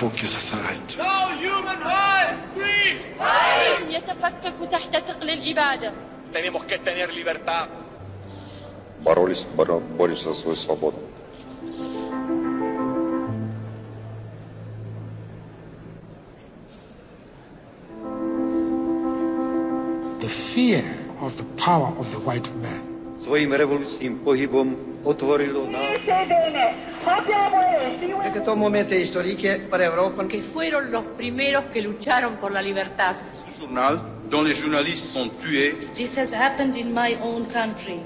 فوق ساعد يتفكك تحت ثقل الإبادة Боролись, боро, борюсь за свою свободу. The fear of the power of the white man svojím revolučním pohybom otvorilo nám. En estos momentos historické pro Evropu. Que fueron los primeros que lucharon por la libertad. journal, dont les journalistes sont tués. This has happened in my own country.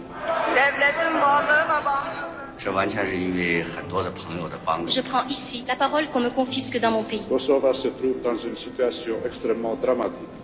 Je prends ici la parole qu'on me confisque dans mon pays. Kosovo se trouve dans une situation extrêmement dramatique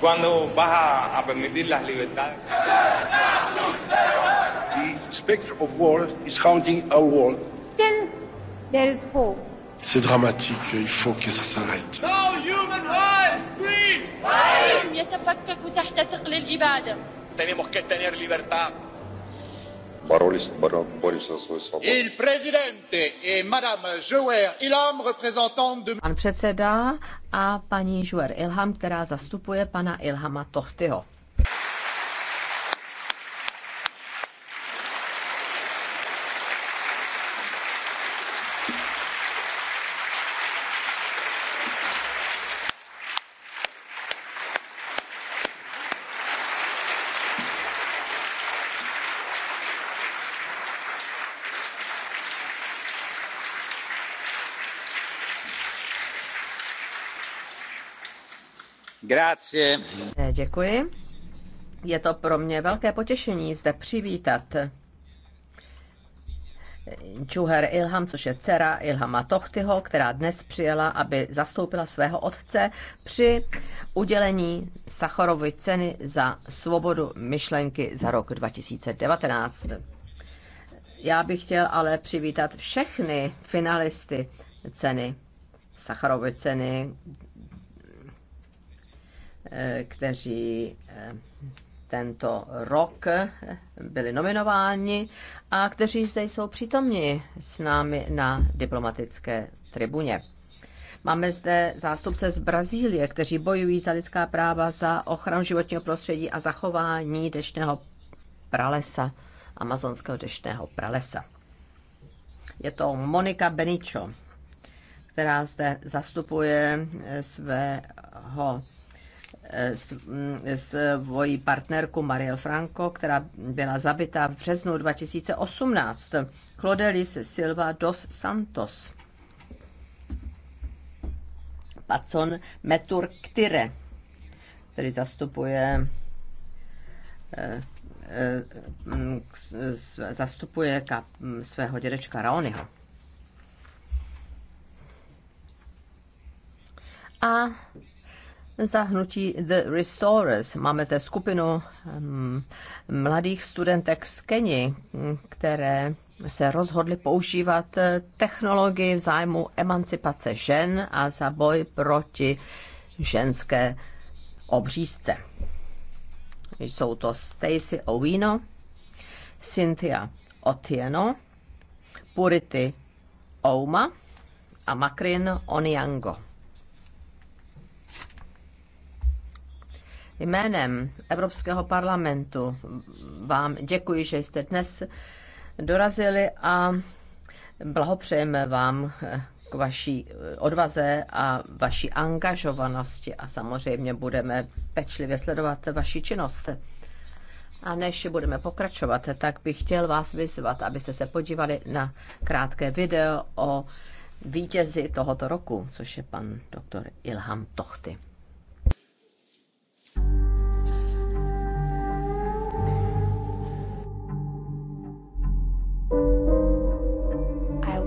¿Cuándo vas a, a permitir las libertades? The specter of war is haunting our world. Still, there is hope. C'est dramatique, il faut que ça s'arrête. No human life free! يتفكك تحت ثقل الإبادة. Tenemos que tener libertad. Pan předseda a paní Žuer Ilham, která zastupuje pana Ilhama Tochtyho. Děkuji. Je to pro mě velké potěšení zde přivítat Čuher Ilham, což je dcera Ilhama Tochtyho, která dnes přijela, aby zastoupila svého otce při udělení Sacharovy ceny za svobodu myšlenky za rok 2019. Já bych chtěl ale přivítat všechny finalisty ceny Sacharovy ceny Eh, kteří eh, tento rok byli nominováni a kteří zde jsou přítomni s námi na diplomatické tribuně. Máme zde zástupce z Brazílie, kteří bojují za lidská práva, za ochranu životního prostředí a zachování dešného pralesa, amazonského dešného pralesa. Je to Monika Benicho, která zde zastupuje svého svoji mm, partnerku Mariel Franco, která byla zabita v březnu 2018. Clodelis Silva dos Santos. Pacon Metur Ktire, který zastupuje eh, eh, mm, zastupuje mm, svého dědečka Raonyho. A za hnutí The Restorers. Máme zde skupinu hm, mladých studentek z Keni, které se rozhodly používat eh, technologii v zájmu emancipace žen a za boj proti ženské obřízce. Jsou to Stacy Owino, Cynthia Otieno, Purity Ouma a Makrin Oniang'o. Jménem Evropského parlamentu vám děkuji, že jste dnes dorazili a blahopřejeme vám k vaší odvaze a vaší angažovanosti a samozřejmě budeme pečlivě sledovat vaši činnost. A než budeme pokračovat, tak bych chtěl vás vyzvat, abyste se podívali na krátké video o vítězi tohoto roku, což je pan doktor Ilham Tochty.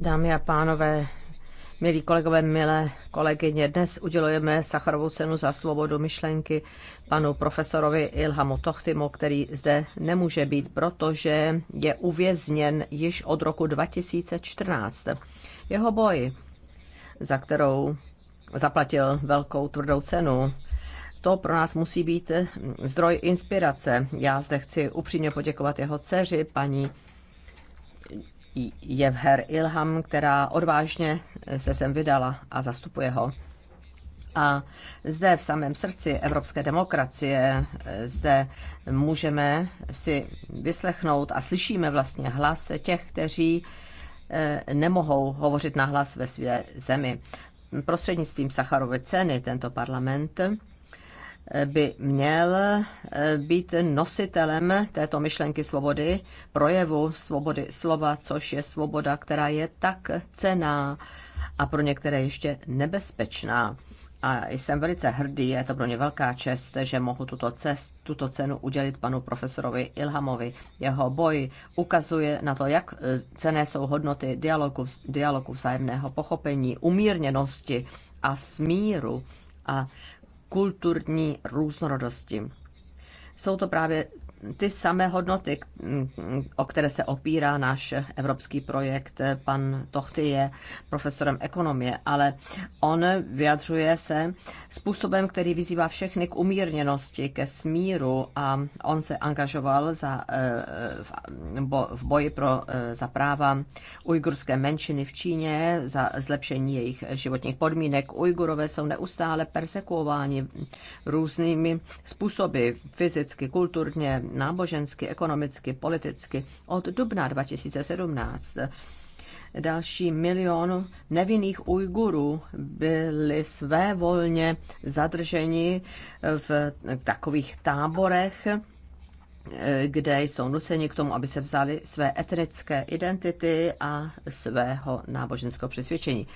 Dámy a pánové, milí kolegové, milé kolegyně, dnes udělujeme Sacharovou cenu za svobodu myšlenky panu profesorovi Ilhamu Tochtimu, který zde nemůže být, protože je uvězněn již od roku 2014. Jeho boj, za kterou zaplatil velkou tvrdou cenu, to pro nás musí být zdroj inspirace. Já zde chci upřímně poděkovat jeho dceři, paní Jevher Ilham, která odvážně se sem vydala a zastupuje ho. A zde v samém srdci evropské demokracie, eh, zde můžeme si vyslechnout a slyšíme vlastně hlas těch, kteří eh, nemohou hovořit na hlas ve své zemi. Prostřednictvím Sacharovy ceny tento parlament by měl eh, být nositelem této myšlenky svobody, projevu svobody slova, což je svoboda, která je tak cená a pro některé ještě nebezpečná. A jsem velice hrdý, je to pro mě velká čest, že mohu tuto, cest, tuto cenu udělit panu profesorovi Ilhamovi. Jeho boj ukazuje na to, jak eh, cené jsou hodnoty dialogu, dialogu vzájemného pochopení, umírněnosti a smíru. A kulturní různorodosti. Jsou to právě ty samé hodnoty, o které se opírá náš evropský projekt. Pan Tochty je profesorem ekonomie, ale on vyjadřuje se způsobem, který vyzývá všechny k umírněnosti, ke smíru a on se angažoval za, eh, v boji pro, eh, za práva ujgurské menšiny v Číně, za zlepšení jejich životních podmínek. Ujgurové jsou neustále persekuováni různými způsoby, fyzicky, kulturně, nábožensky, ekonomicky, politicky od dubna 2017. Další milion nevinných Ujgurů byli svévolně zadrženi v takových táborech, kde jsou nuceni k tomu, aby se vzali své etnické identity a svého náboženského přesvědčení.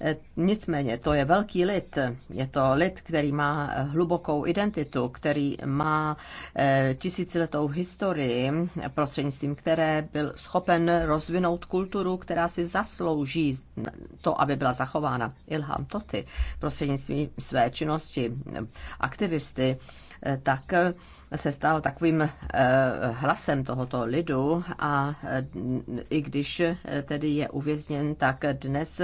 Eh, nicméně to je velký lid. Je to lid, který má hlubokou identitu, který má eh, tisíciletou historii, prostřednictvím které byl schopen rozvinout kulturu, která si zaslouží to, aby byla zachována. Ilham Toty prostřednictvím své činnosti aktivisty tak se stal takovým eh, hlasem tohoto lidu a eh, i když eh, tedy je uvězněn, tak dnes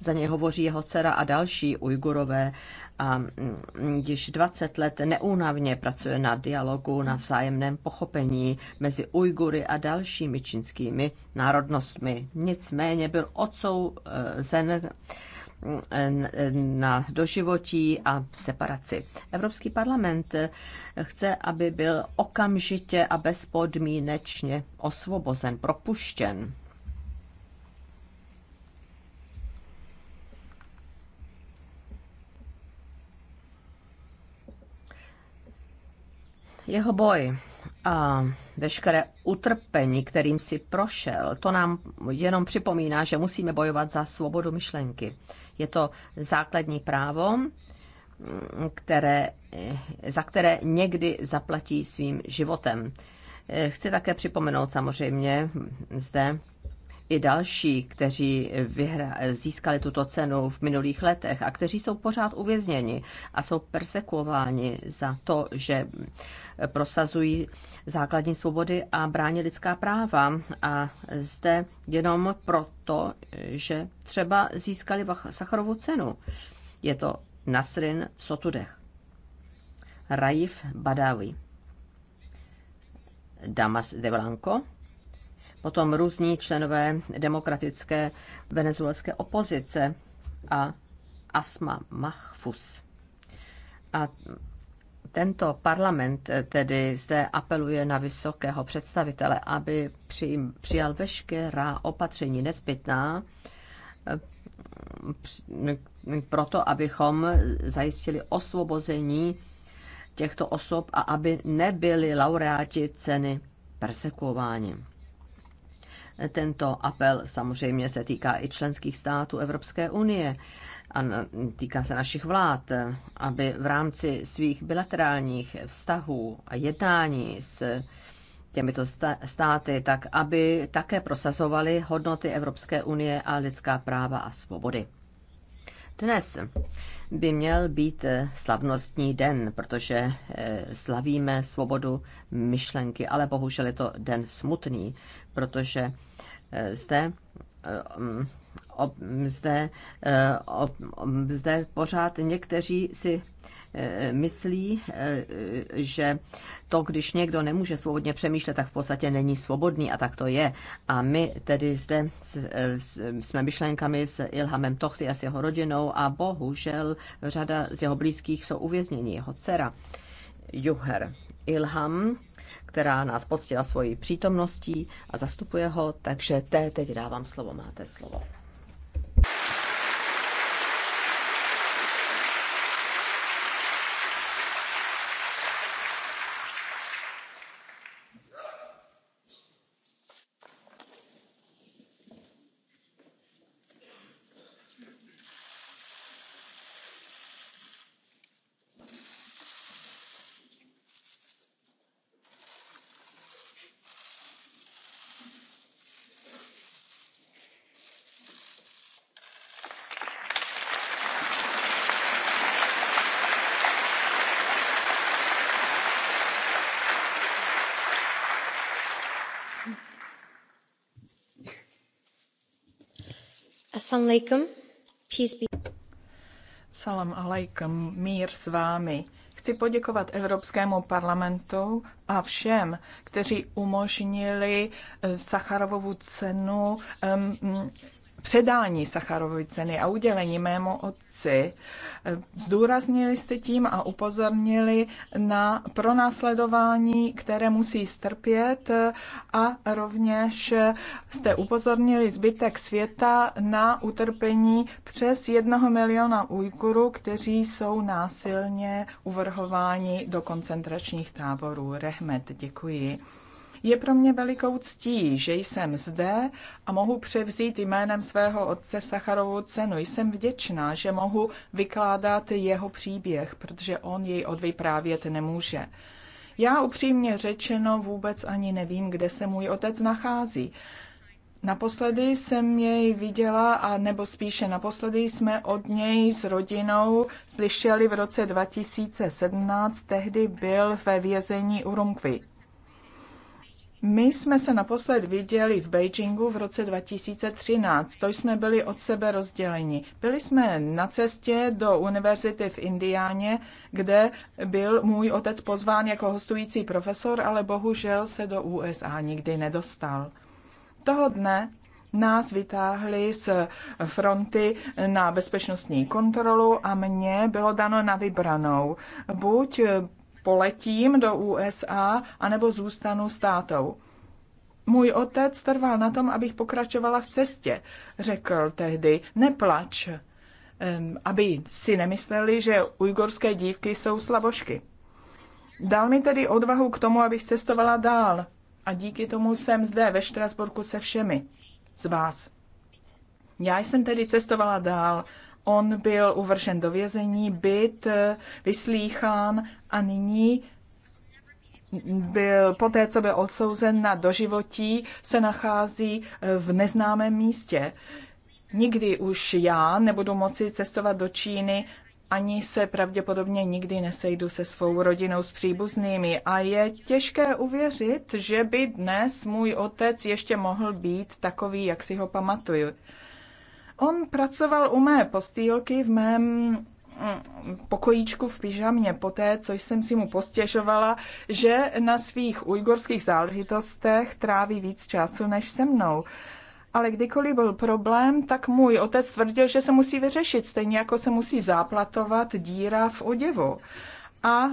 za něj hovoří jeho dcera a další Ujgurové a mm, již 20 let neúnavně pracuje na dialogu, na vzájemném pochopení mezi Ujgury a dalšími čínskými národnostmi. Nicméně byl odsouzen na doživotí a separaci. Evropský parlament chce, aby byl okamžitě a bezpodmínečně osvobozen, propuštěn. Jeho boj a veškeré utrpení, kterým si prošel, to nám jenom připomíná, že musíme bojovat za svobodu myšlenky. Je to základní právo, které, za které někdy zaplatí svým životem. Chci také připomenout samozřejmě zde i další, kteří vyhra, získali tuto cenu v minulých letech a kteří jsou pořád uvězněni a jsou persekuováni za to, že prosazují základní svobody a brání lidská práva. A zde jenom proto, že třeba získali Sacharovu cenu. Je to Nasrin Sotudeh, Raif Badawi, Damas de Blanco, potom různí členové demokratické venezuelské opozice a Asma Mahfus. A tento parlament eh, tedy zde apeluje na vysokého představitele, aby přijal veškerá opatření nezbytná eh, proto, abychom zajistili osvobození těchto osob a aby nebyli laureáti ceny persekuováni. Tento apel samozřejmě se týká i členských států Evropské unie a týká se našich vlád, aby v rámci svých bilaterálních vztahů a jednání s těmito státy, tak aby také prosazovali hodnoty Evropské unie a lidská práva a svobody. Dnes by měl být slavnostní den, protože eh, slavíme svobodu myšlenky, ale bohužel je to den smutný, protože eh, zde eh, zde, eh, zde pořád někteří si eh, myslí, eh, že to, když někdo nemůže svobodně přemýšlet, tak v podstatě není svobodný a tak to je. A my tedy zde jsme myšlenkami s Ilhamem Tochty a s jeho rodinou a bohužel řada z jeho blízkých jsou uvězněni. Jeho dcera Juher Ilham, která nás poctila svojí přítomností a zastupuje ho, takže té teď dávám slovo, máte slovo. Salam alaikum, mír s vámi. Chci poděkovat Evropskému parlamentu a všem, kteří umožnili eh, Sacharovovu cenu um, předání Sacharovy ceny a udělení mému otci, zdůraznili jste tím a upozornili na pronásledování, které musí strpět a rovněž jste upozornili zbytek světa na utrpení přes jednoho miliona Ujkurů, kteří jsou násilně uvrhováni do koncentračních táborů. Rehmet, děkuji. Je pro mě velikou ctí, že jsem zde a mohu převzít jménem svého otce Sacharovou cenu. Jsem vděčná, že mohu vykládat jeho příběh, protože on jej odvyprávět nemůže. Já upřímně řečeno vůbec ani nevím, kde se můj otec nachází. Naposledy jsem jej viděla, a nebo spíše naposledy jsme od něj s rodinou slyšeli v roce 2017, tehdy byl ve vězení u Rumkvi. My jsme se naposled viděli v Beijingu v roce 2013. To jsme byli od sebe rozděleni. Byli jsme na cestě do univerzity v Indiáně, kde byl můj otec pozván jako hostující profesor, ale bohužel se do USA nikdy nedostal. Toho dne nás vytáhli z fronty na bezpečnostní kontrolu a mně bylo dano na vybranou. Buď poletím do USA, anebo zůstanu státou. Můj otec trval na tom, abych pokračovala v cestě. Řekl tehdy, neplač, aby si nemysleli, že ujgorské dívky jsou slabošky. Dal mi tedy odvahu k tomu, abych cestovala dál. A díky tomu jsem zde ve Štrasburku se všemi z vás. Já jsem tedy cestovala dál On byl uvržen do vězení, byt, eh, vyslýchán a nyní byl, po té, co byl odsouzen na doživotí, se nachází eh, v neznámém místě. Nikdy už já nebudu moci cestovat do Číny ani se pravděpodobně nikdy nesejdu se svou rodinou s příbuznými a je těžké uvěřit, že by dnes můj otec ještě mohl být takový, jak si ho pamatuju. On pracoval u mé postýlky v mém mm, pokojíčku v pyžamě poté, co jsem si mu postěžovala, že na svých ujgorských záležitostech tráví víc času než se mnou. Ale kdykoliv byl problém, tak můj otec tvrdil, že se musí vyřešit, stejně jako se musí záplatovat díra v oděvu. A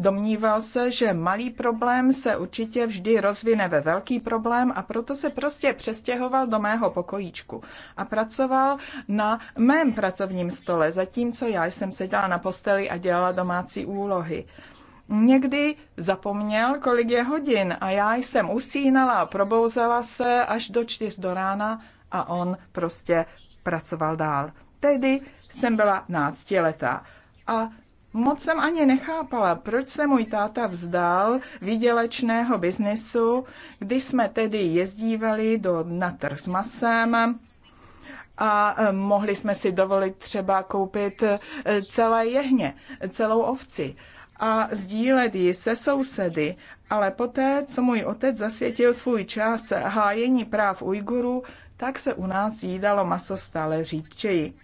Domníval se, že malý problém se určitě vždy rozvine ve velký problém a proto se prostě přestěhoval do mého pokojíčku a pracoval na mém pracovním stole, zatímco já jsem seděla na posteli a dělala domácí úlohy. Někdy zapomněl, kolik je hodin a já jsem usínala a probouzela se až do čtyř do rána a on prostě pracoval dál. Tedy jsem byla náctiletá a Moc jsem ani nechápala, proč se můj táta vzdal výdělečného biznesu, když jsme tedy jezdívali do, na trh s masem a e, mohli jsme si dovolit třeba koupit e, celé jehně, celou ovci a sdílet ji se sousedy, ale poté, co můj otec zasvětil svůj čas hájení práv Ujgurů, tak se u nás jídalo maso stále řídčeji.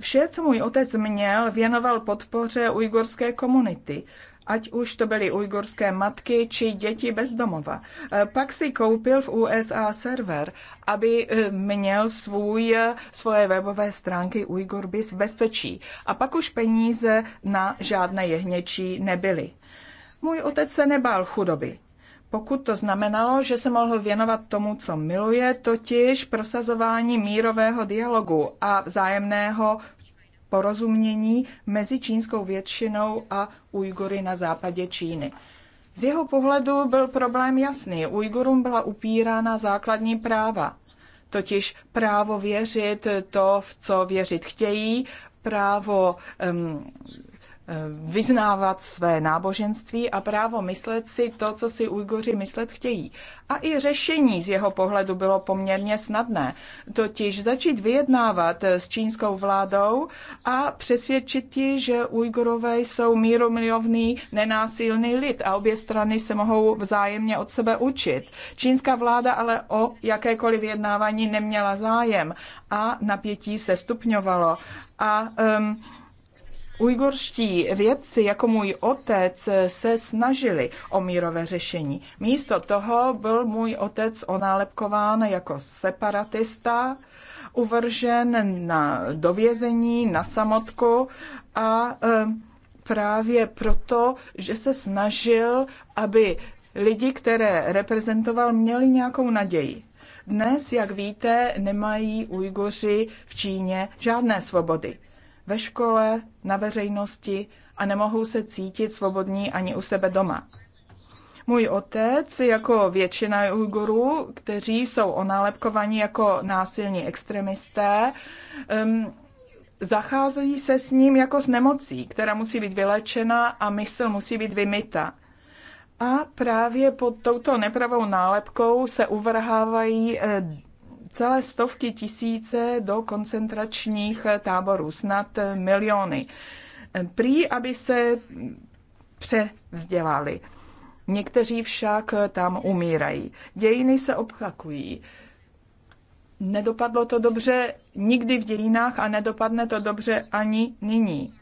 Vše, co můj otec měl, věnoval podpoře ujgurské komunity ať už to byly ujgurské matky či děti bez domova. E, pak si koupil v USA server, aby e, měl svůj, e, svoje webové stránky Ujgurbis v bezpečí. A pak už peníze na žádné jehněčí nebyly. Můj otec se nebál chudoby pokud to znamenalo, že se mohl věnovat tomu, co miluje, totiž prosazování mírového dialogu a vzájemného porozumění mezi čínskou většinou a Ujgury na západě Číny. Z jeho pohledu byl problém jasný. Ujgurům byla upírána základní práva, totiž právo věřit to, v co věřit chtějí, právo um, Eh, vyznávat své náboženství a právo myslet si to, co si Ujgoři myslet chtějí. A i řešení z jeho pohledu bylo poměrně snadné, totiž začít vyjednávat s čínskou vládou a přesvědčit ti, že Ujgorové jsou míromilovný, nenásilný lid a obě strany se mohou vzájemně od sebe učit. Čínská vláda ale o jakékoliv vyjednávání neměla zájem a napětí se stupňovalo. A um, Ujgurští vědci, jako můj otec, se snažili o mírové řešení. Místo toho byl můj otec onálepkován jako separatista, uvržen na dovězení, na samotku a e, právě proto, že se snažil, aby lidi, které reprezentoval, měli nějakou naději. Dnes, jak víte, nemají Ujguři v Číně žádné svobody ve škole, na veřejnosti a nemohou se cítit svobodní ani u sebe doma. Můj otec, jako většina Ujgurů, kteří jsou onálepkovaní jako násilní extremisté, um, zacházejí se s ním jako s nemocí, která musí být vylečena a mysl musí být vymyta. A právě pod touto nepravou nálepkou se uvrhávají eh, celé stovky tisíce do koncentračních táborů, snad miliony. Prý, aby se převzdělali. Někteří však tam umírají. Dějiny se obchakují. Nedopadlo to dobře nikdy v dějinách a nedopadne to dobře ani nyní.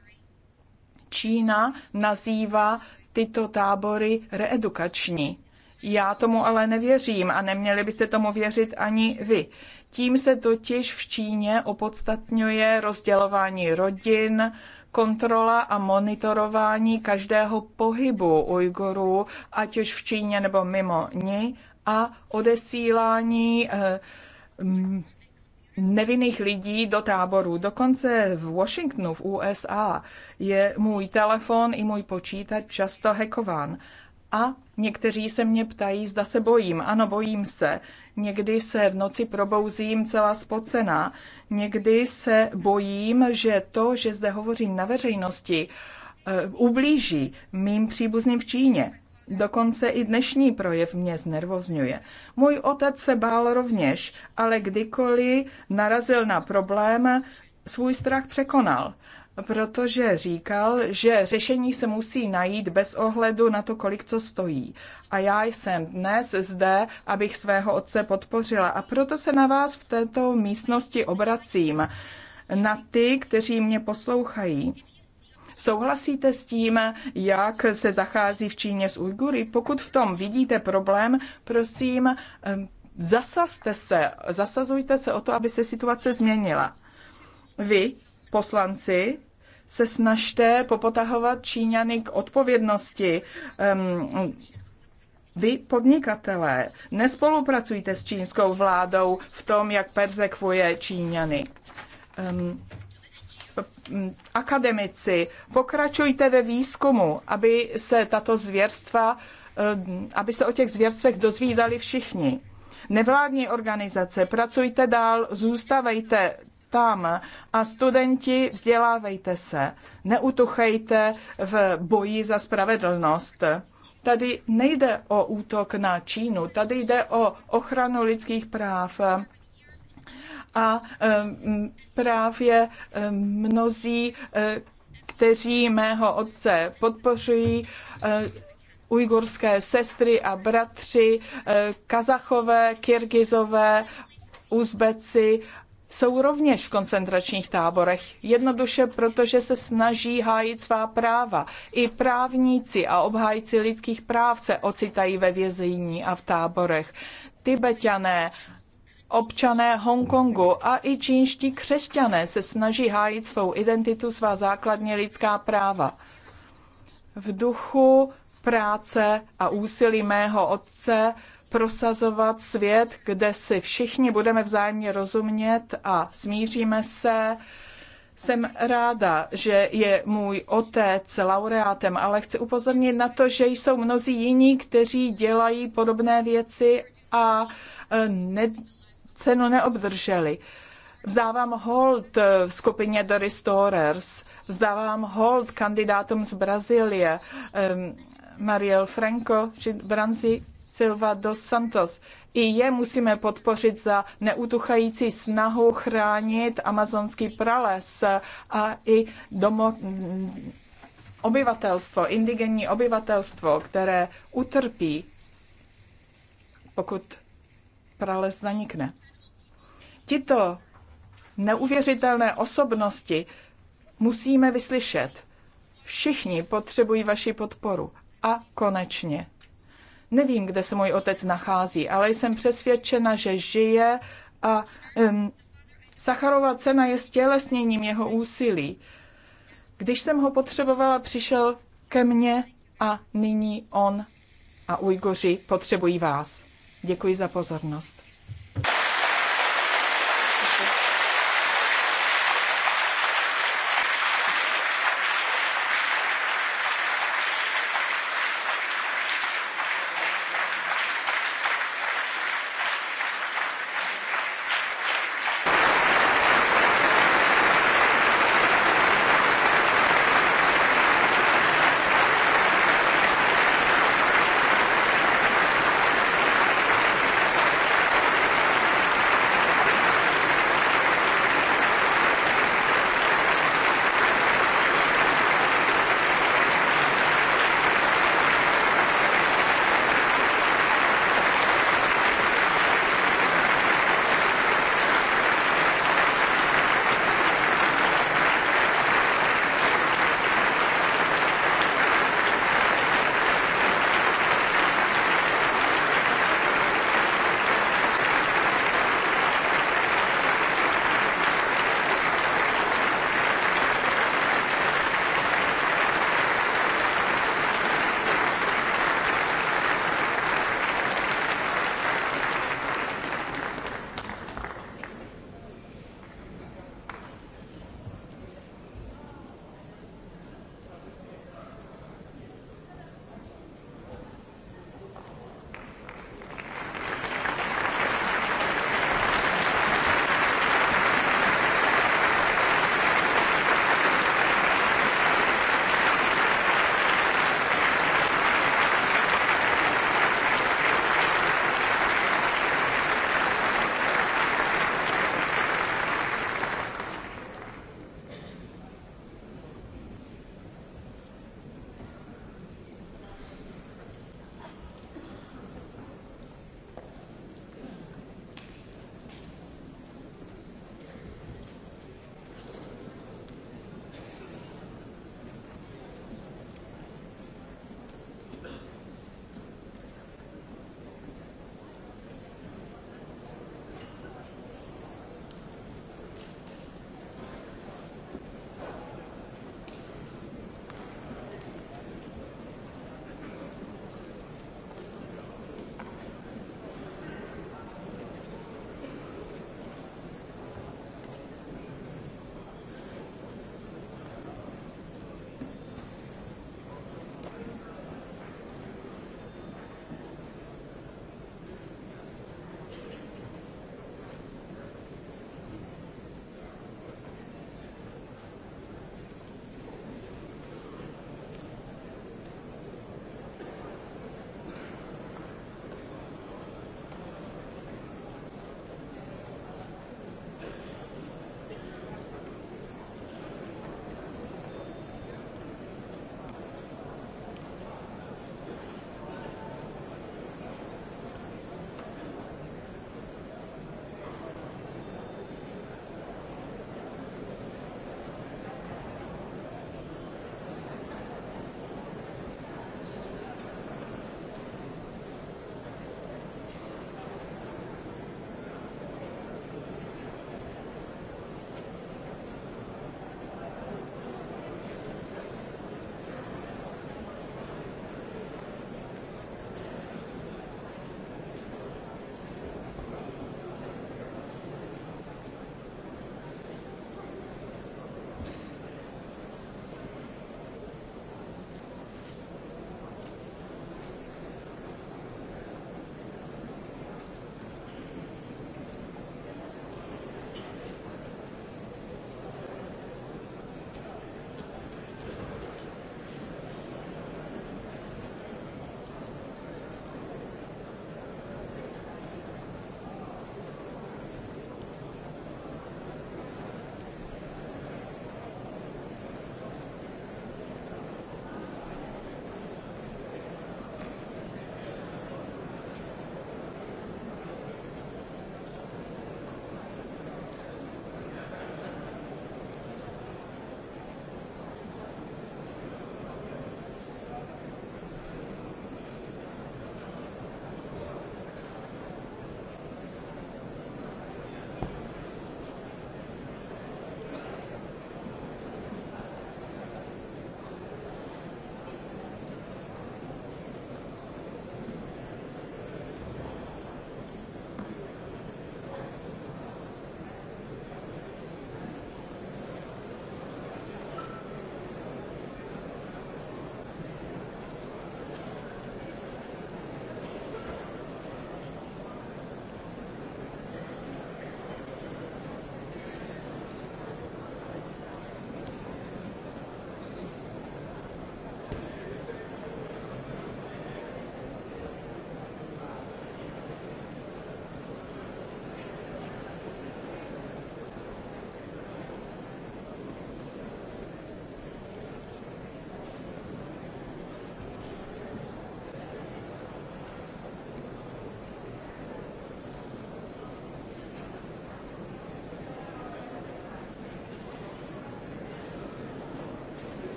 Čína nazývá tyto tábory reedukační. Já tomu ale nevěřím a neměli byste tomu věřit ani vy. Tím se totiž v Číně opodstatňuje rozdělování rodin, kontrola a monitorování každého pohybu Ujgurů, ať už v Číně nebo mimo ní, a odesílání eh, nevinných lidí do táborů. Dokonce v Washingtonu, v USA, je můj telefon i můj počítač často hackován. A Někteří se mě ptají, zda se bojím. Ano, bojím se. Někdy se v noci probouzím celá spocená. Někdy se bojím, že to, že zde hovořím na veřejnosti, eh, ublíží mým příbuzným v Číně. Dokonce i dnešní projev mě znervozňuje. Můj otec se bál rovněž, ale kdykoliv narazil na problém, svůj strach překonal protože říkal, že řešení se musí najít bez ohledu na to, kolik co stojí. A já jsem dnes zde, abych svého otce podpořila. A proto se na vás v této místnosti obracím, na ty, kteří mě poslouchají. Souhlasíte s tím, jak se zachází v Číně s Ujgury? Pokud v tom vidíte problém, prosím, zasazte se, zasazujte se o to, aby se situace změnila. Vy poslanci, se snažte popotahovat Číňany k odpovědnosti. Um, vy, podnikatelé, nespolupracujte s čínskou vládou v tom, jak perzekvuje Číňany. Um, akademici, pokračujte ve výzkumu, aby se tato zvěrstva, eh, aby se o těch zvěrstvech dozvídali všichni. Nevládní organizace, pracujte dál, zůstavejte tam a studenti vzdělávejte se, neutuchejte v boji za spravedlnost. Tady nejde o útok na Čínu, tady jde o ochranu lidských práv. A právě mnozí, e, kteří mého otce podpořují, e, ujgurské sestry a bratři, e, kazachové, kirgizové, uzbeci, jsou rovněž v koncentračních táborech, jednoduše protože se snaží hájit svá práva. I právníci a obhájci lidských práv se ocitají ve vězení a v táborech. Tibetané, občané Hongkongu a i čínští křesťané se snaží hájit svou identitu, svá základní lidská práva. V duchu práce a úsilí mého otce prosazovat svět, kde si všichni budeme vzájemně rozumět a smíříme se. Jsem ráda, že je můj otec laureátem, ale chci upozornit na to, že jsou mnozí jiní, kteří dělají podobné věci a e, ne, cenu neobdrželi. Vzdávám hold e, v skupině The Restorers. vzdávám hold kandidátům z Brazílie, Mariel Franco Branzi, Silva dos Santos. I je musíme podpořit za neutuchající snahu chránit amazonský prales a i domo, obyvatelstvo, indigenní obyvatelstvo, které utrpí, pokud prales zanikne. Tito neuvěřitelné osobnosti musíme vyslyšet. Všichni potřebují vaši podporu. A konečně Nevím, kde se můj otec nachází, ale jsem přesvědčena, že žije a um, Sacharova cena je stělesněním jeho úsilí. Když jsem ho potřebovala, přišel ke mně a nyní on a Ujgoři potřebují vás. Děkuji za pozornost.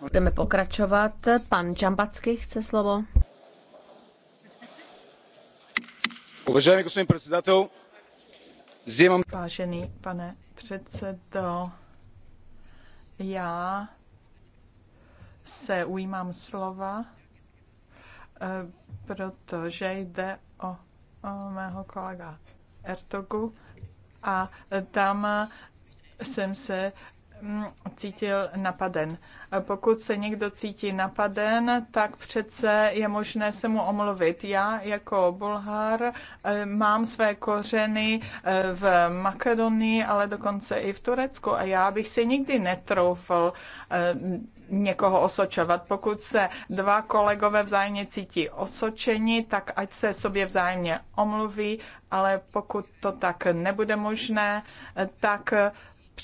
Budeme pokračovat. Pan Čambacky chce slovo. Vážený pane předsedo, já se ujímám slova, eh, protože jde o, o mého kolegu Ertogu a tam jsem se Mm, cítil napaden. Pokud se někdo cítí napaden, tak přece je možné se mu omluvit. Já jako Bulhar eh, mám své kořeny eh, v Makedonii, ale dokonce i v Turecku a já bych si nikdy netroufl eh, někoho osočovat. Pokud se dva kolegové vzájemně cítí osočeni, tak ať se sobě vzájemně omluví, ale pokud to tak nebude možné, tak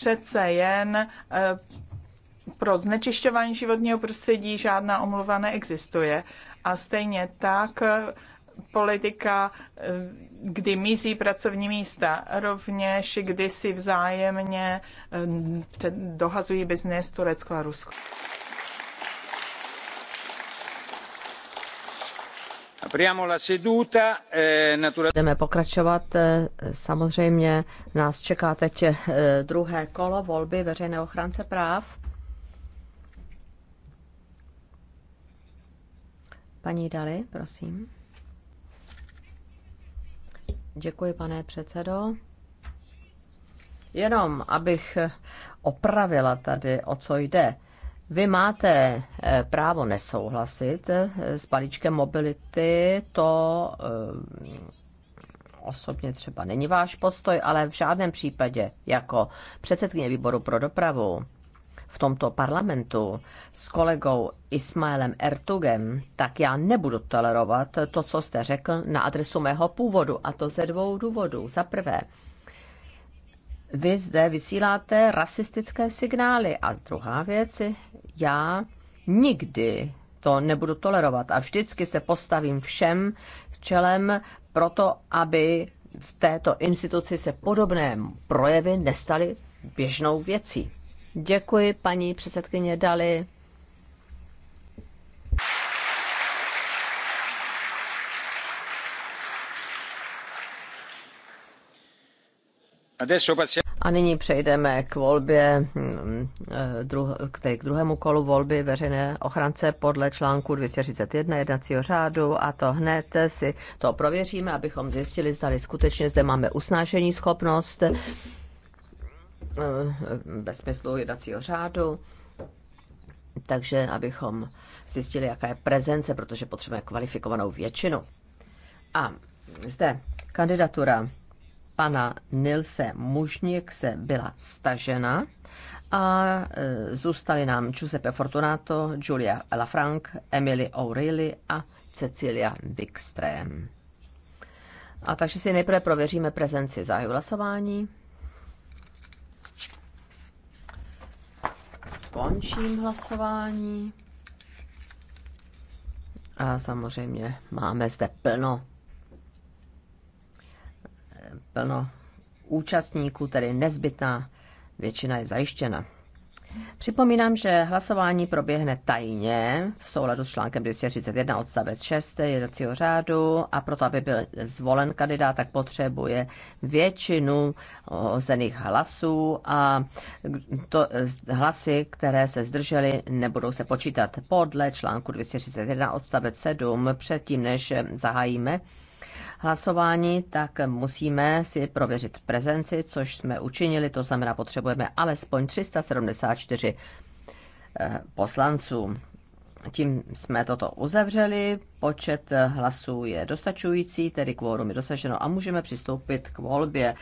přece jen eh, pro znečišťování životního prostředí žádná omluva neexistuje. A stejně tak eh, politika, eh, kdy mizí pracovní místa, rovněž kdy si vzájemně dohazují biznes Turecko a Rusko. Eh, Budeme pokračovat. Eh, samozřejmě nás čeká teď eh, druhé kolo volby veřejného ochránce práv. Paní Dali, prosím. Děkuji, pane předsedo. Jenom abych opravila tady, o co jde vy máte eh, právo nesouhlasit eh, s balíčkem mobility, to eh, osobně třeba není váš postoj, ale v žádném případě jako předsedkyně výboru pro dopravu v tomto parlamentu s kolegou Ismailem Ertugem, tak já nebudu tolerovat to, co jste řekl na adresu mého původu, a to ze dvou důvodů. Za prvé, vy zde vysíláte rasistické signály. A druhá věc, já nikdy to nebudu tolerovat a vždycky se postavím všem čelem proto, aby v této instituci se podobné projevy nestaly běžnou věcí. Děkuji paní předsedkyně Dali. A nyní přejdeme k volbě, mm, eh, k druhému kolu volby veřejné ochrance podle článku 231 jednacího řádu a to hned si to prověříme, abychom zjistili, zda skutečně zde máme usnášení schopnost eh, ve smyslu jednacího řádu. Takže abychom zjistili, jaká je prezence, protože potřebujeme kvalifikovanou většinu. A zde kandidatura pana Nilse Mužněkse byla stažena a e, zůstali nám Giuseppe Fortunato, Julia Lafranc, Emily O'Reilly a Cecilia Wikström. A takže si nejprve prověříme prezenci záhy hlasování. Končím hlasování. A samozřejmě máme zde plno plno účastníků, tedy nezbytná většina je zajištěna. Připomínám, že hlasování proběhne tajně v souladu s článkem 231 odstavec 6 jednacího řádu a proto, aby byl zvolen kandidát, tak potřebuje většinu ozených hlasů a to, hlasy, které se zdržely, nebudou se počítat podle článku 231 odstavec 7 předtím, než zahájíme hlasování, tak musíme si prověřit prezenci, což jsme učinili, to znamená, potřebujeme alespoň 374 eh, poslanců. Tím jsme toto uzavřeli, počet hlasů je dostačující, tedy kvórum je dosaženo a můžeme přistoupit k volbě.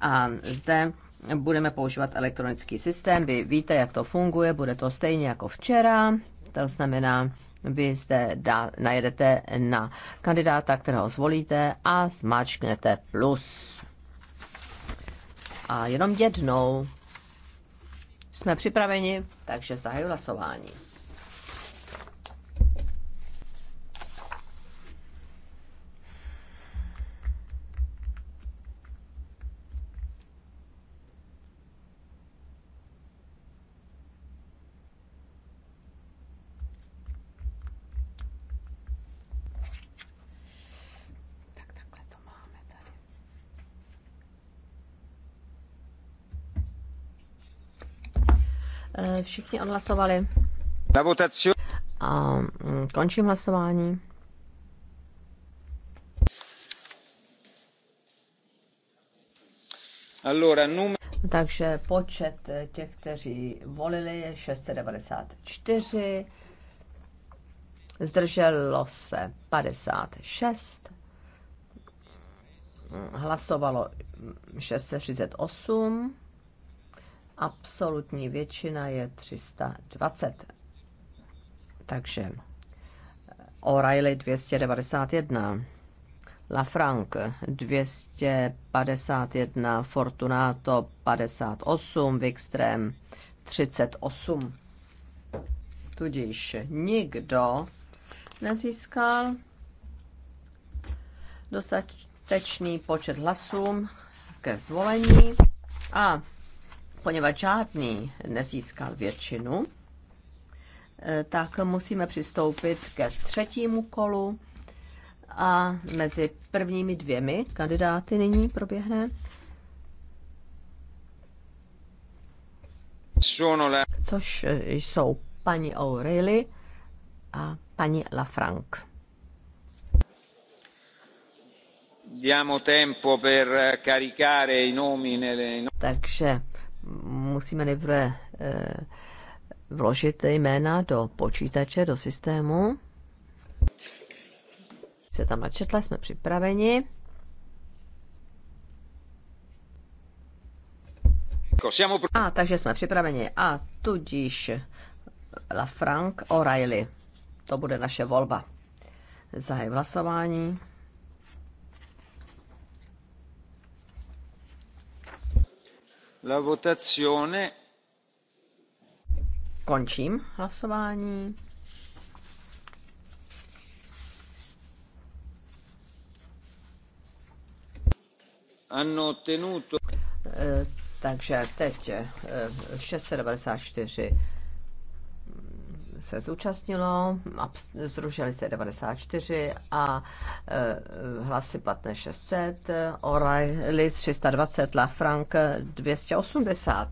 A zde budeme používat elektronický systém, vy víte, jak to funguje, bude to stejně jako včera, to znamená, vy zde dá, najedete na kandidáta, kterého zvolíte a zmáčknete plus. A jenom jednou jsme připraveni, takže zahajuji hlasování. Eh, všichni odhlasovali. A mm, končím hlasování. Takže počet těch, kteří volili, je 694. Zdrželo se 56. Hlasovalo 638 absolutní většina je 320. Takže eh, O'Reilly 291, LaFranc 251, Fortunato 58, Wikström 38. Tudíž nikdo nezískal dostatečný počet hlasů ke zvolení a poněvadž žádný nezískal většinu, eh, tak musíme přistoupit ke třetímu kolu a mezi prvními dvěmi kandidáty nyní proběhne. Což jsou paní O'Reilly a paní Lafranc. Diamo tempo per caricare i nomi nelle... Takže musíme nejprve eh, vložit jména do počítače, do systému. Se tam načetla, jsme připraveni. A, takže jsme připraveni. A tudíž LaFranc O'Reilly. To bude naše volba. Zahaj hlasování. Končím hlasování. Hanno ottenuto. Eh, takže teď 694 eh, se zúčastnilo, združili se 94 a e, hlasy platné 600, O'Reilly 320, Frank 280.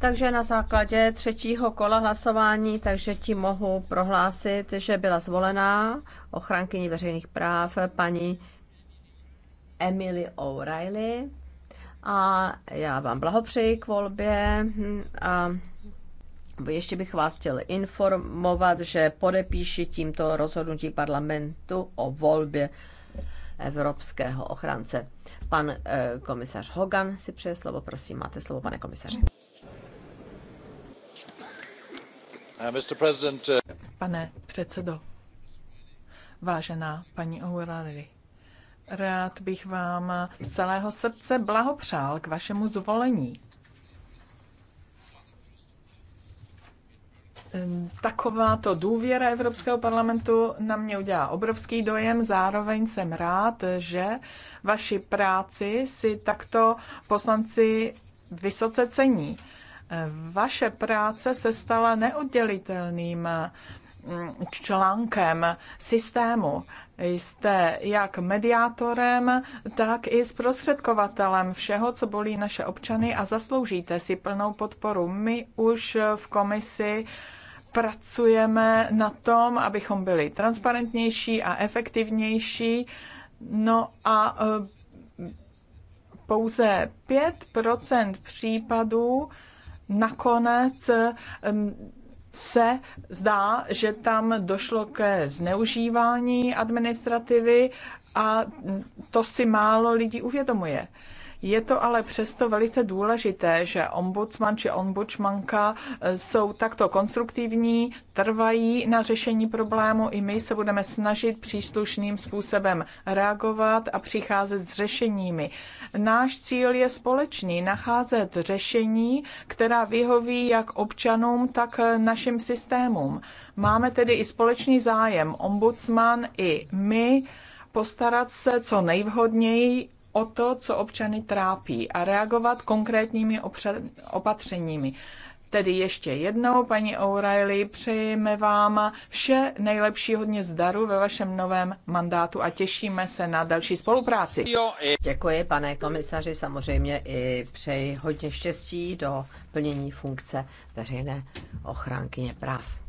Takže na základě třetího kola hlasování, takže ti mohu prohlásit, že byla zvolená ochránkyní veřejných práv paní Emily O'Reilly a já vám blahopřeji k volbě hm, a ještě bych vás chtěl informovat, že podepíši tímto rozhodnutí parlamentu o volbě evropského ochránce. Pan eh, komisař Hogan si přeje slovo, prosím, máte slovo, pane komisaři. Uh, uh, pane předsedo, vážená paní O'Reilly, Rád bych vám z celého srdce blahopřál k vašemu zvolení. Takováto důvěra Evropského parlamentu na mě udělá obrovský dojem. Zároveň jsem rád, že vaši práci si takto poslanci vysoce cení. Vaše práce se stala neoddělitelným článkem systému. Jste jak mediátorem, tak i zprostředkovatelem všeho, co bolí naše občany a zasloužíte si plnou podporu. My už v komisi pracujeme na tom, abychom byli transparentnější a efektivnější. No a eh, pouze 5 případů nakonec eh, se zdá, že tam došlo ke zneužívání administrativy a to si málo lidí uvědomuje. Je to ale přesto velice důležité, že ombudsman či ombudsmanka eh, jsou takto konstruktivní, trvají na řešení problému. I my se budeme snažit příslušným způsobem reagovat a přicházet s řešeními. Náš cíl je společný, nacházet řešení, která vyhoví jak občanům, tak eh, našim systémům. Máme tedy i společný zájem, ombudsman i my, postarat se co nejvhodněji o to, co občany trápí a reagovat konkrétními opatřeními. Tedy ještě jednou, paní O'Reilly, přejeme vám vše nejlepší hodně zdaru ve vašem novém mandátu a těšíme se na další spolupráci. Děkuji, pane komisaři, samozřejmě i přeji hodně štěstí do plnění funkce veřejné ochránkyně práv.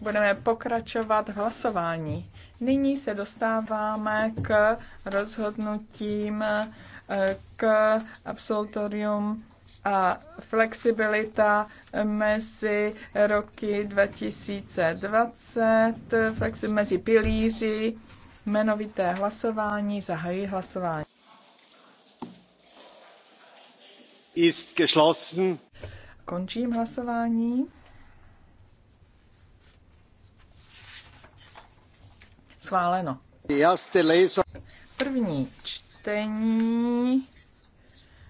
Budeme pokračovat hlasování. Nyní se dostáváme k rozhodnutím eh, k absolutorium a flexibilita mezi roky 2020, flexi mezi pilíři, jmenovité hlasování, zahají hlasování. Ist geschlossen. Končím hlasování. Schváleno. První čtení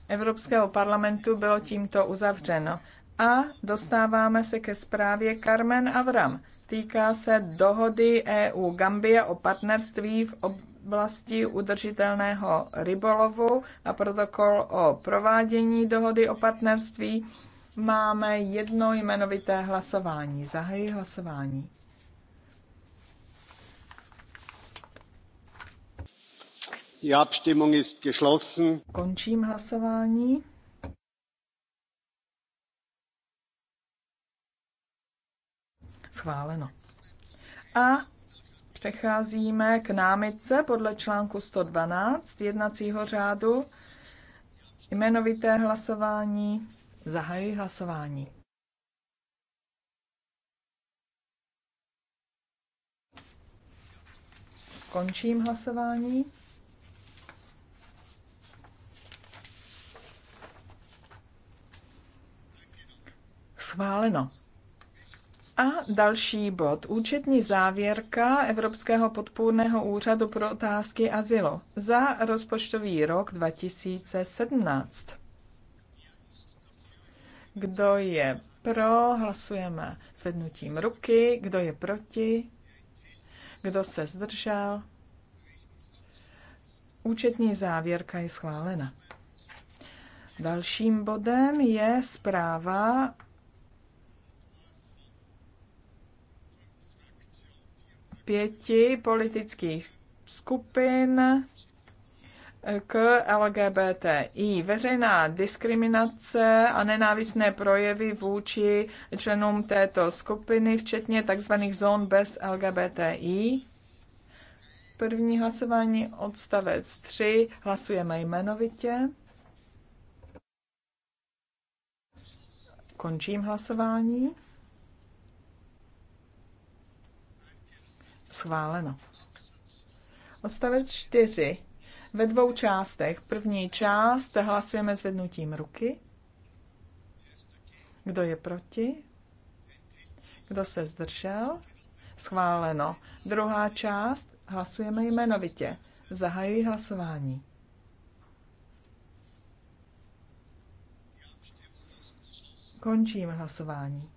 Evropského parlamentu bylo tímto uzavřeno. A dostáváme se ke zprávě Carmen Avram. Týká se dohody EU Gambie o partnerství v oblasti udržitelného rybolovu a protokol o provádění dohody o partnerství máme jedno jmenovité hlasování. Zahají hlasování. Die Abstimmung ist geschlossen. Končím hlasování. Schváleno. A přecházíme k námitce podle článku 112 jednacího řádu jmenovité hlasování Zahajuji hlasování. Končím hlasování. Schváleno. A další bod. Účetní závěrka Evropského podpůrného úřadu pro otázky azylu za rozpočtový rok 2017. Kdo je pro, hlasujeme zvednutím ruky. Kdo je proti? Kdo se zdržel? Účetní závěrka je schválena. Dalším bodem je zpráva pěti politických skupin k LGBTI. Veřejná diskriminace a nenávistné projevy vůči členům této skupiny, včetně tzv. zón bez LGBTI. První hlasování odstavec 3. Hlasujeme jmenovitě. Končím hlasování. Schváleno. Odstavec 4 ve dvou částech. První část hlasujeme zvednutím ruky. Kdo je proti? Kdo se zdržel? Schváleno. Druhá část hlasujeme jmenovitě. Zahajuji hlasování. Končím hlasování.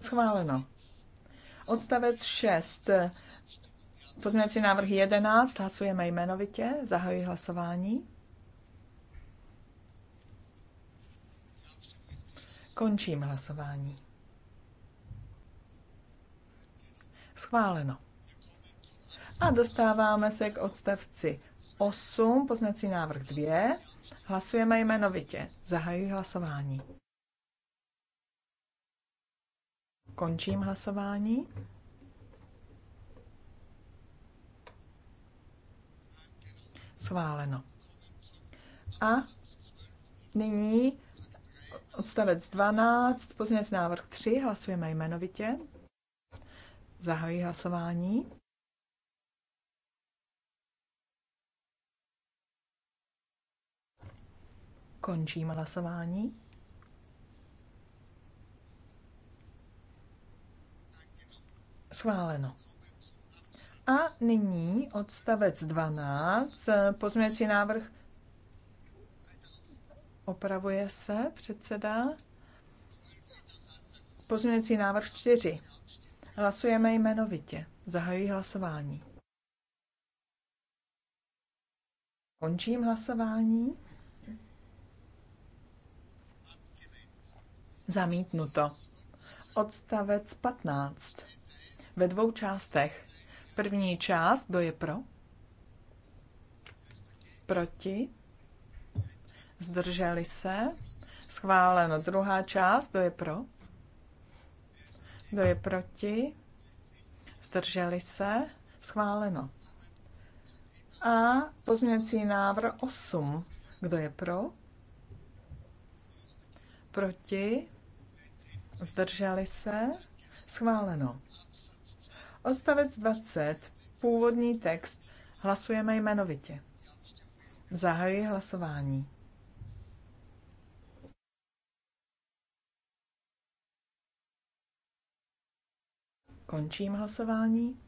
Schváleno. Odstavec 6. Pozměňovací návrh 11, hlasujeme jmenovitě, zahajuji hlasování. Končím hlasování. Schváleno. A dostáváme se k odstavci 8, poznací návrh 2. Hlasujeme jmenovitě. Zahajuji hlasování. Končím hlasování. Schváleno. A nyní odstavec 12, pozměnec návrh 3, hlasujeme jmenovitě. Zahajuji hlasování. Končím hlasování. Schváleno. A nyní odstavec 12, pozměňovací návrh opravuje se předseda. Pozměňovací návrh 4. Hlasujeme jmenovitě. Zahajuji hlasování. Končím hlasování. Zamítnuto. Odstavec 15. Ve dvou částech. První část, kdo je pro? Proti? Zdrželi se? Schváleno. Druhá část, kdo je pro? Kdo je proti? Zdrželi se? Schváleno. A pozměňovací návrh 8. Kdo je pro? Proti? Zdrželi se? Schváleno. Odstavec 20, původní text, hlasujeme jmenovitě. Zahajuji hlasování. Končím hlasování.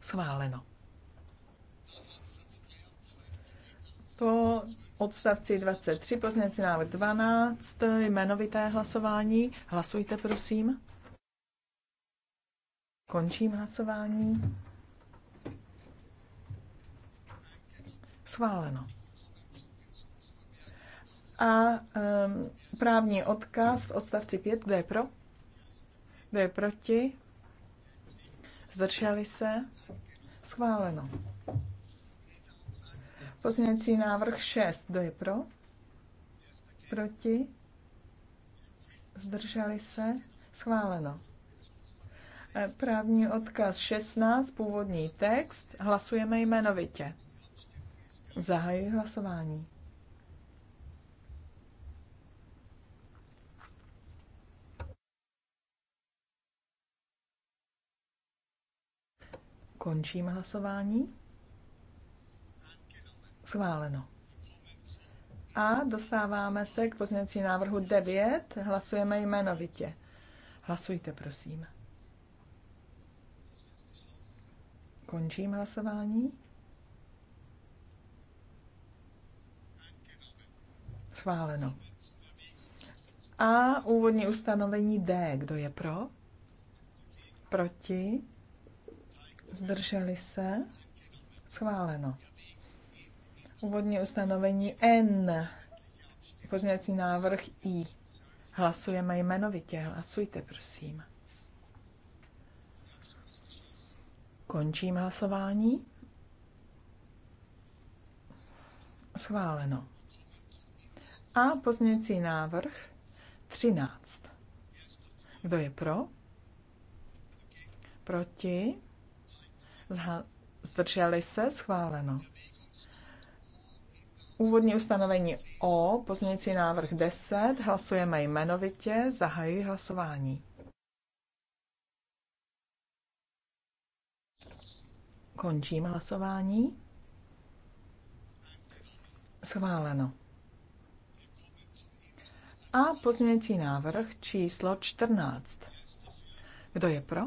Schváleno. Po odstavci 23, pozměňovací návrh 12, jmenovité hlasování. Hlasujte, prosím. Končím hlasování. Schváleno. A um, právní odkaz v odstavci 5, kde je pro? Kde je proti? Zdrželi se? Schváleno. Pozměňovací návrh 6. Kdo je pro? Proti? Zdrželi se? Schváleno. E, právní odkaz 16, původní text. Hlasujeme jmenovitě. Zahajuji hlasování. Končím hlasování. Schváleno. A dostáváme se k pozměňovací návrhu 9. Hlasujeme jmenovitě. Hlasujte, prosím. Končím hlasování. Schváleno. A úvodní ustanovení D. Kdo je pro? Proti? Zdrželi se? Schváleno. Úvodní ustanovení N. Pozměňovací návrh I. Hlasujeme jmenovitě. Hlasujte, prosím. Končím hlasování. Schváleno. A pozměňovací návrh 13. Kdo je pro? Proti? Zdrželi se? Schváleno. Úvodní ustanovení O, pozměňující návrh 10, hlasujeme jmenovitě, zahajuji hlasování. Končím hlasování. Schváleno. A pozměňující návrh číslo 14. Kdo je pro?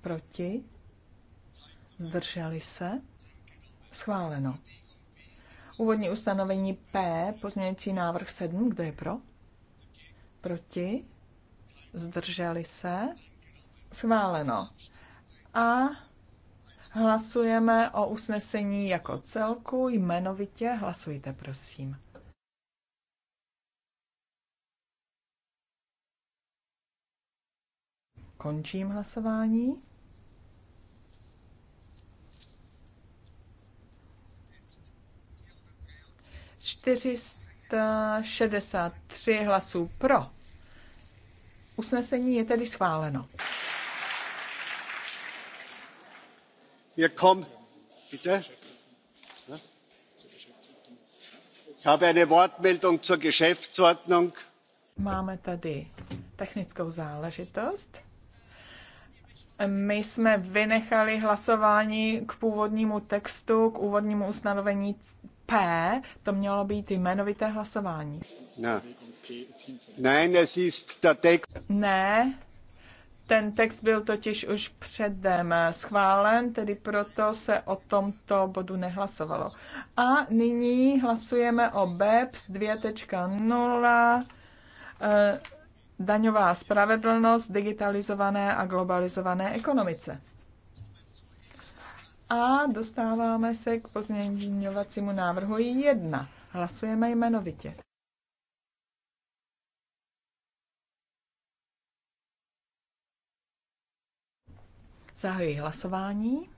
Proti? Zdrželi se? Schváleno. Úvodní ustanovení P, pozměňující návrh 7, kdo je pro? Proti? Zdrželi se? Schváleno. A hlasujeme o usnesení jako celku, jmenovitě hlasujte, prosím. Končím hlasování. 463 hlasů pro. Usnesení je tedy schváleno. Wir kommen, bitte. Ich habe eine Wortmeldung zur Geschäftsordnung. Máme tady technickou záležitost. My jsme vynechali hlasování k původnímu textu, k úvodnímu ustanovení P, to mělo být jmenovité hlasování. Ne, Text. Ne, ten text byl totiž už předem schválen, tedy proto se o tomto bodu nehlasovalo. A nyní hlasujeme o BEPS 2.0, eh, daňová spravedlnost, digitalizované a globalizované ekonomice. A dostáváme se k pozměňovacímu návrhu 1. Hlasujeme jmenovitě. Zahajuji hlasování.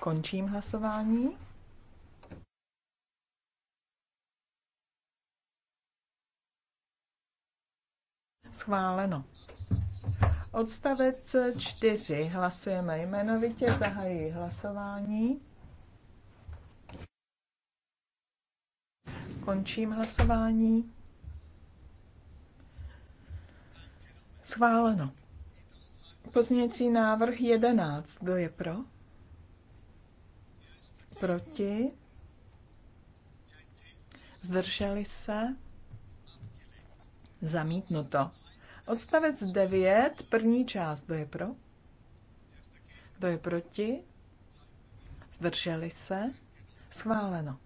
Končím hlasování. Schváleno. Odstavec čtyři. Hlasujeme jmenovitě, zahají hlasování. Končím hlasování. Schváleno. Pozměňovací návrh 11. Kdo je pro? Proti? Zdrželi se? Zamítnuto. Odstavec 9, první část, kdo je pro? Kdo je proti? Zdrželi se? Schváleno.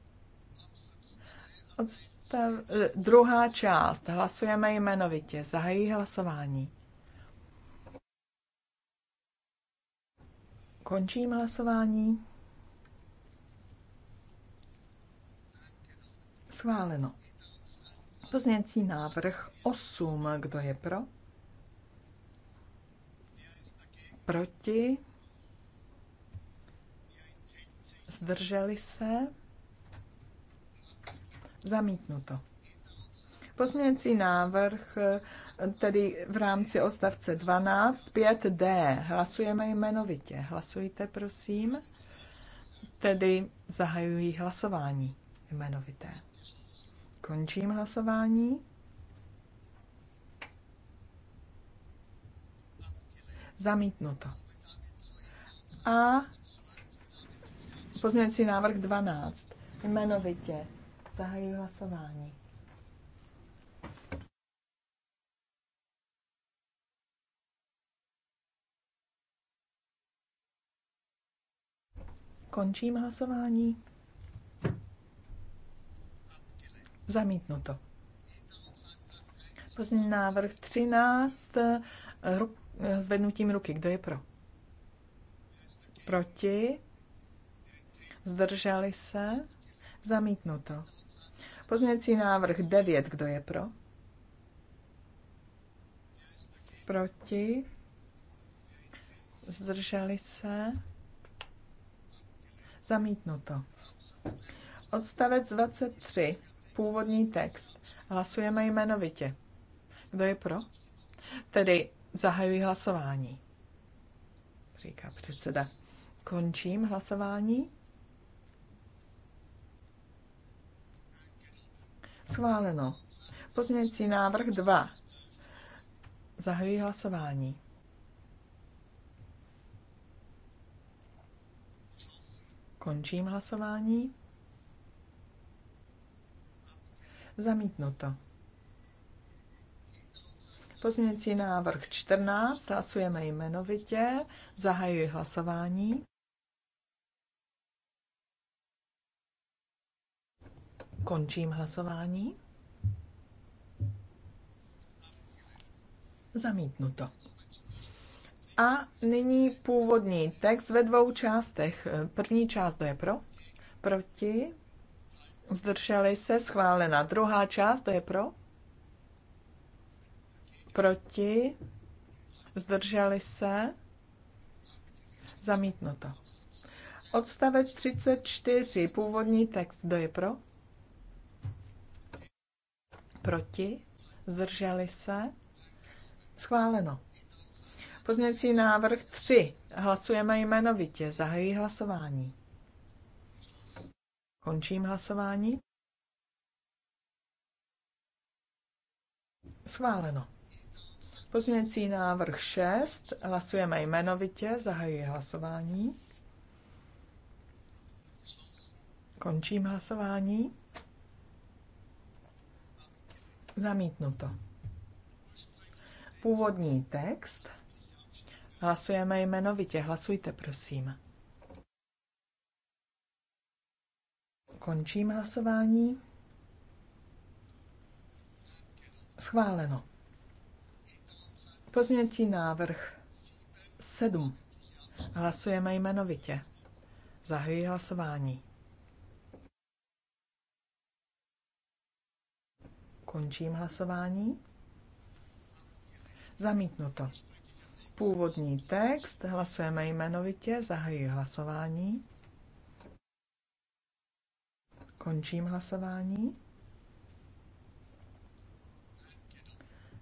Odstav, eh, druhá část. Hlasujeme jmenovitě. Zahají hlasování. Končím hlasování. Schváleno. Pozměňovací návrh 8. Kdo je pro? Proti? Zdrželi se? Zamítnuto. Pozměňující návrh, tedy v rámci odstavce 12, 5D. Hlasujeme jmenovitě. Hlasujte, prosím. Tedy zahajují hlasování jmenovité. Končím hlasování. Zamítnuto. A pozměňující návrh 12. Jmenovitě. zahají hlasování. Končím hlasování. Zamítnuto. Pozměňující návrh 13. Hrub Eh, zvednutím ruky. Kdo je pro? Proti? Zdrželi se? Zamítnuto. Pozměňovací návrh 9. Kdo je pro? Proti? Zdrželi se? Zamítnuto. Odstavec 23. Původní text. Hlasujeme jmenovitě. Kdo je pro? Tedy Zahajuji hlasování, říká předseda. Končím hlasování. Schváleno. Pozměňující návrh 2. Zahajuji hlasování. Končím hlasování. Zamítnuto. Pozměňující návrh 14, hlasujeme jmenovitě, zahajuji hlasování. Končím hlasování. Zamítnuto. A nyní původní text ve dvou částech. První část to je pro, proti, zdrželi se, schválena. Druhá část to je pro, proti, zdrželi se, zamítnuto. Odstavec 34, původní text, kdo je pro? Proti, zdrželi se, schváleno. Pozměňující návrh 3. Hlasujeme jmenovitě. Zahajuji hlasování. Končím hlasování. Schváleno. Pozměňující návrh 6. Hlasujeme jmenovitě. Zahajuji hlasování. Končím hlasování. Zamítnuto. Původní text. Hlasujeme jmenovitě. Hlasujte, prosím. Končím hlasování. Schváleno. Pozměňovací návrh 7. Hlasujeme jmenovitě. Zahajuji hlasování. Končím hlasování. Zamítnuto. Původní text hlasujeme jmenovitě. Zahajuji hlasování. Končím hlasování.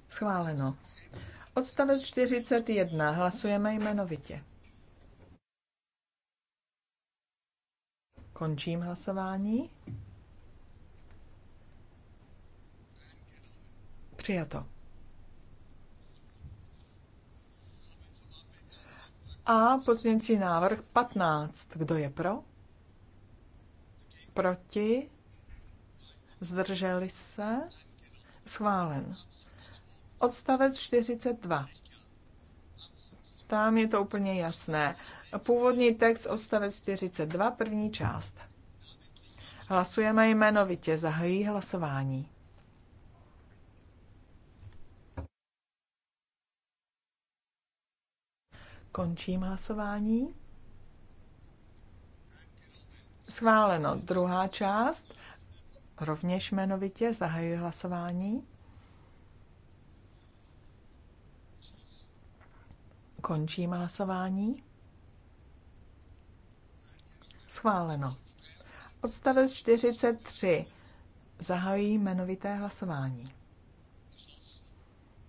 Schváleno. Odstavec 41. Hlasujeme jmenovitě. Končím hlasování. Přijato. A pozměňující návrh 15. Kdo je pro? Proti? Zdrželi se? Schválen. Odstavec 42. Tam je to úplně jasné. Původní text odstavec 42, první část. Hlasujeme jmenovitě. Zahají hlasování. Končím hlasování. Schváleno. Druhá část. Rovněž jmenovitě zahajuji hlasování. Končím hlasování. Schváleno. Odstavec 43. Zahajují jmenovité hlasování.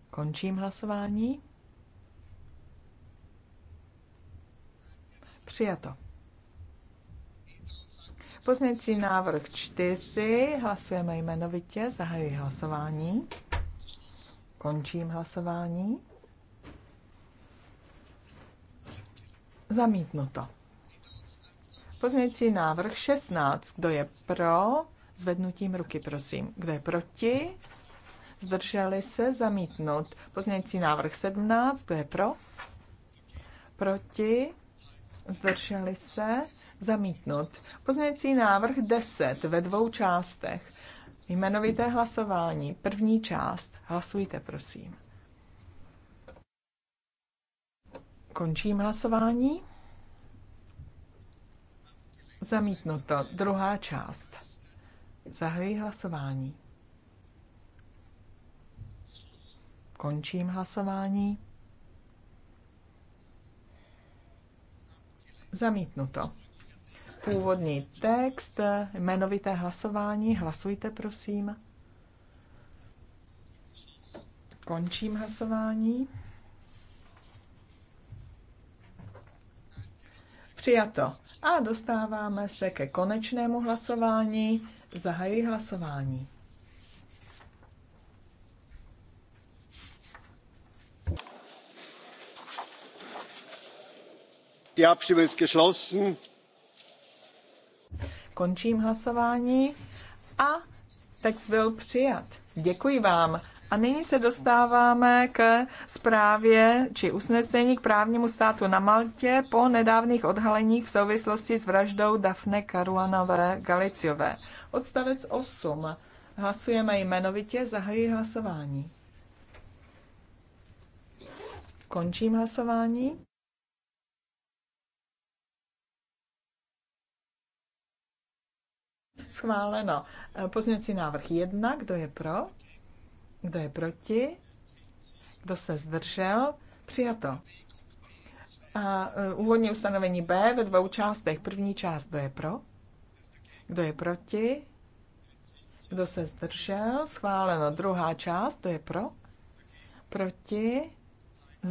Končím hlasování. Přijato. Pozměňující návrh 4. Hlasujeme jmenovitě. Zahajuji hlasování. Končím hlasování. Zamítnuto. Pozměňující návrh 16. Kdo je pro? Zvednutím ruky, prosím. Kdo je proti? Zdrželi se zamítnout. Pozměňující návrh 17. Kdo je pro? Proti? Zdrželi se zamítnout. Pozměňující návrh 10 ve dvou částech. Jmenovité hlasování. První část. Hlasujte, prosím. Končím hlasování. Zamítnuto. Druhá část. Zahajuji hlasování. Končím hlasování. Zamítnuto. Původní text, jmenovité hlasování. Hlasujte, prosím. Končím hlasování. Přijato. A dostáváme se ke konečnému hlasování. Zahajuji hlasování. Die Abstimmung ist geschlossen. Končím hlasování a text byl přijat. Děkuji vám. A nyní se dostáváme k zprávě či usnesení k právnímu státu na Maltě po nedávných odhaleních v souvislosti s vraždou Dafne Karuanové Galiciové. Odstavec 8. Hlasujeme jmenovitě, Zahají hlasování. Končím hlasování. Schváleno. Pozměňovací návrh 1, kdo je pro? Kdo je proti? Kdo se zdržel? Přijato. A e, úvodní ustanovení B ve dvou částech. První část, kdo je pro? Kdo je proti? Kdo se zdržel? Schváleno. Druhá část, kdo je pro? Proti?